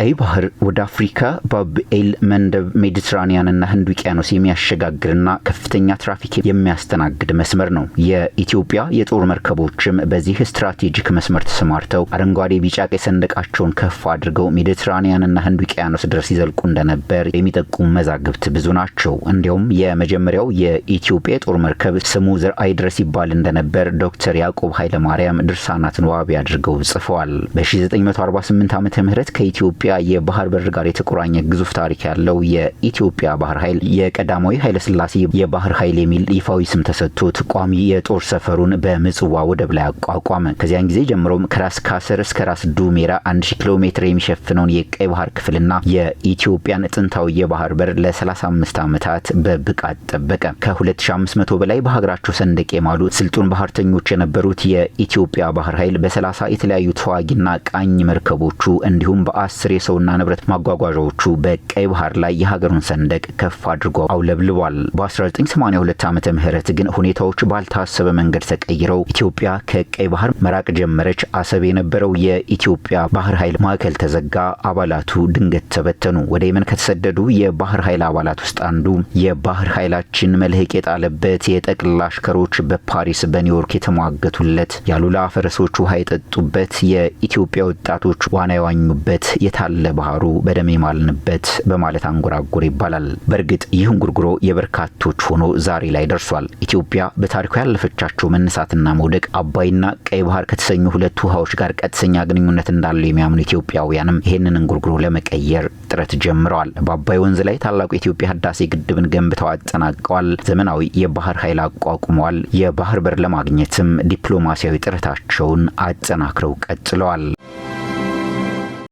ቀይ ባህር ወደ አፍሪካ በአብኤል መንደብ ሜዲትራኒያንና ህንድ ውቅያኖስ የሚያሸጋግርና ከፍተኛ ትራፊክ የሚያስተናግድ መስመር ነው። የኢትዮጵያ የጦር መርከቦችም በዚህ ስትራቴጂክ መስመር ተሰማርተው አረንጓዴ፣ ቢጫ፣ ቀይ ሰንደቃቸውን ከፍ አድርገው ሜዲትራኒያንና ህንድ ውቅያኖስ ድረስ ይዘልቁ እንደነበር የሚጠቁሙ መዛግብት ብዙ ናቸው። እንዲያውም የመጀመሪያው የኢትዮጵያ የጦር መርከብ ስሙ ዘርአይ ድረስ ይባል እንደነበር ዶክተር ያዕቆብ ኃይለማርያም ድርሳናትን ዋቢ አድርገው ጽፈዋል። በ1948 ዓ ም ከኢትዮጵያ ከኢትዮጵያ የባህር በር ጋር የተቆራኘ ግዙፍ ታሪክ ያለው የኢትዮጵያ ባህር ኃይል የቀዳማዊ ኃይለስላሴ የባህር ኃይል የሚል ይፋዊ ስም ተሰጥቶት ቋሚ የጦር ሰፈሩን በምጽዋ ወደብ ላይ አቋቋመ። ከዚያን ጊዜ ጀምሮም ከራስ ካሰር እስከ ራስ ዱሜራ አንድ ሺ ኪሎ ሜትር የሚሸፍነውን የቀይ ባህር ክፍልና የኢትዮጵያን ጥንታዊ የባህር በር ለ35 ዓመታት በብቃት ጠበቀ። ከ2500 በላይ በሀገራቸው ሰንደቅ የማሉ ስልጡን ባህርተኞች የነበሩት የኢትዮጵያ ባህር ኃይል በ30 የተለያዩ ተዋጊና ቃኝ መርከቦቹ እንዲሁም በአስር አስር የሰውና ንብረት ማጓጓዣዎቹ በቀይ ባህር ላይ የሀገሩን ሰንደቅ ከፍ አድርጎ አውለብልቧል። በ1982 ዓመተ ምህረት ግን ሁኔታዎች ባልታሰበ መንገድ ተቀይረው ኢትዮጵያ ከቀይ ባህር መራቅ ጀመረች። አሰብ የነበረው የኢትዮጵያ ባህር ኃይል ማዕከል ተዘጋ፣ አባላቱ ድንገት ተበተኑ። ወደ የመን ከተሰደዱ የባህር ኃይል አባላት ውስጥ አንዱ የባህር ኃይላችን መልህቅ የጣለበት የጠቅላላ አሽከሮች በፓሪስ በኒውዮርክ የተሟገቱለት ያሉላ ፈረሶች ውሃ የጠጡበት የኢትዮጵያ ወጣቶች ዋና የዋኙበት የታ የታለ ባህሩ በደሜ ማልንበት በማለት አንጎራጉር ይባላል። በእርግጥ ይህ እንጉርጉሮ የበርካቶች ሆኖ ዛሬ ላይ ደርሷል። ኢትዮጵያ በታሪኩ ያለፈቻቸው መነሳትና መውደቅ አባይና ቀይ ባህር ከተሰኙ ሁለቱ ውሃዎች ጋር ቀጥተኛ ግንኙነት እንዳለው የሚያምኑ ኢትዮጵያውያንም ይህንን እንጉርጉሮ ለመቀየር ጥረት ጀምረዋል። በአባይ ወንዝ ላይ ታላቁ የኢትዮጵያ ህዳሴ ግድብን ገንብተው አጠናቀዋል። ዘመናዊ የባህር ኃይል አቋቁመዋል። የባህር በር ለማግኘትም ዲፕሎማሲያዊ ጥረታቸውን አጠናክረው ቀጥለዋል።